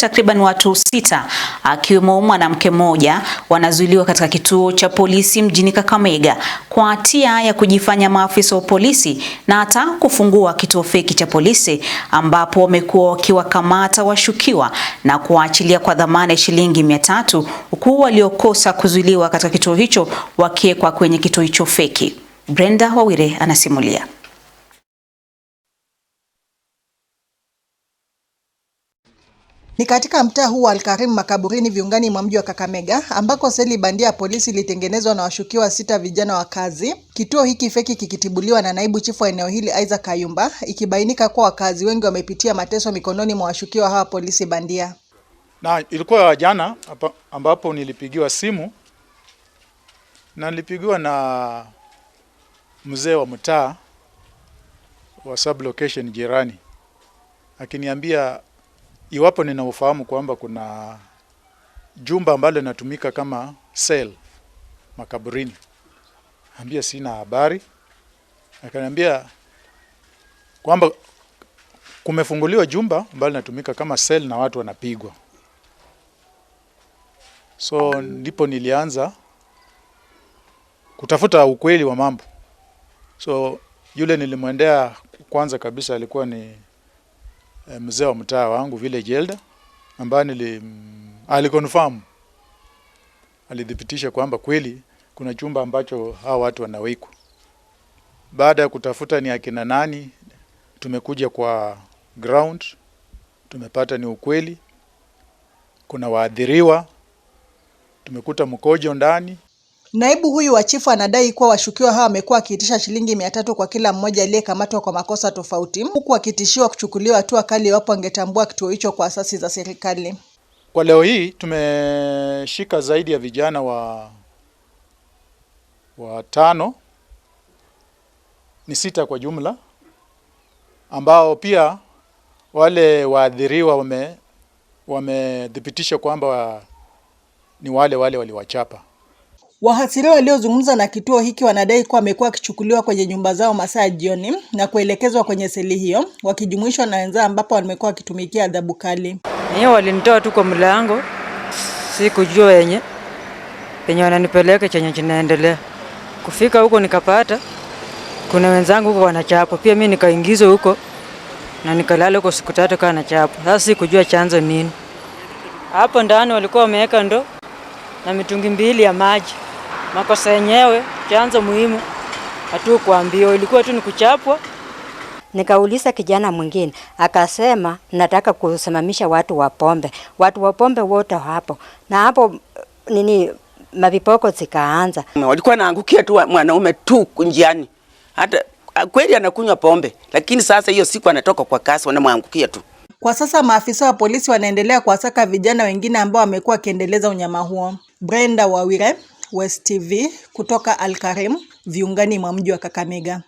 Takriban watu sita akiwemo mwanamke mmoja wanazuiliwa katika kituo cha polisi mjini Kakamega kwa hatia ya kujifanya maafisa wa polisi na hata kufungua kituo feki cha polisi ambapo wamekuwa wakiwakamata washukiwa na kuwaachilia kwa dhamana ya shilingi mia tatu huku waliokosa kuzuiliwa katika kituo hicho wakiwekwa kwenye kituo hicho feki. Brenda Wawire anasimulia. Ni katika mtaa huu wa Alkarim Makaburini viungani mwa mji wa Kakamega ambako seli bandia ya polisi ilitengenezwa na washukiwa sita vijana wa kazi. Kituo hiki feki kikitibuliwa na naibu chifu wa eneo hili Isaac Kayumba, ikibainika kuwa wakazi wengi wamepitia mateso mikononi mwa washukiwa hawa polisi bandia. Na ilikuwa jana ambapo nilipigiwa simu na nilipigiwa na mzee wa mtaa wa sub location jirani akiniambia iwapo ufahamu kwamba kuna jumba ambalo linatumika kama sel makaburini. Ambia sina habari, akaniambia kwamba kumefunguliwa jumba ambalo linatumika kama sel na watu wanapigwa. So ndipo nilianza kutafuta ukweli wa mambo. So yule nilimwendea kwanza kabisa alikuwa ni Eh, mzee wa mtaa wangu village elder ambaye nili aliconfirm alidhibitisha kwamba kweli kuna chumba ambacho hawa watu wanawekwa. Baada ya kutafuta ni akina nani, tumekuja kwa ground, tumepata ni ukweli, kuna waathiriwa, tumekuta mkojo ndani Naibu huyu wa chifu anadai kuwa washukiwa hao wamekuwa wakiitisha shilingi mia tatu kwa kila mmoja aliyekamatwa kwa makosa tofauti, huku akitishiwa kuchukuliwa hatua kali iwapo angetambua kituo hicho kwa asasi za serikali. Kwa leo hii tumeshika zaidi ya vijana wa watano, ni sita kwa jumla, ambao pia wale waadhiriwa wame wamethibitisha kwamba ni wale wale waliwachapa. Wahasiriwa waliozungumza na kituo hiki wanadai kuwa amekuwa wakichukuliwa kwenye nyumba zao masaa ya jioni na kuelekezwa kwenye seli hiyo wakijumuishwa na wenzao ambapo wamekuwa wakitumikia adhabu kali. Wenyewe walinitoa tu kwa mlango, sikujua wenye penye wananipeleka chenye kinaendelea. Kufika huko nikapata kuna wenzangu huko wanachapo, pia mimi nikaingizwa huko na nikalala huko siku tatu kana nachapo. Sasa sikujua chanzo nini. Hapo ndani walikuwa wameweka ndo na mitungi mbili ya maji makosa yenyewe chanzo muhimu hatukuambiwa, ilikuwa tu ni kuchapwa. Nikauliza kijana mwingine akasema, nataka kusimamisha watu wa pombe, watu wa pombe wote hapo na hapo nini, mavipoko zikaanza. Walikuwa naangukia tu mwanaume tu njiani, hata kweli anakunywa pombe, lakini sasa hiyo siku anatoka kwa kasi, wanamwangukia tu. Kwa sasa maafisa wa polisi wanaendelea kuwasaka vijana wengine ambao wamekuwa wakiendeleza unyama huo. Brenda Wawire West TV kutoka Al Karim viungani mwa mji wa Kakamega.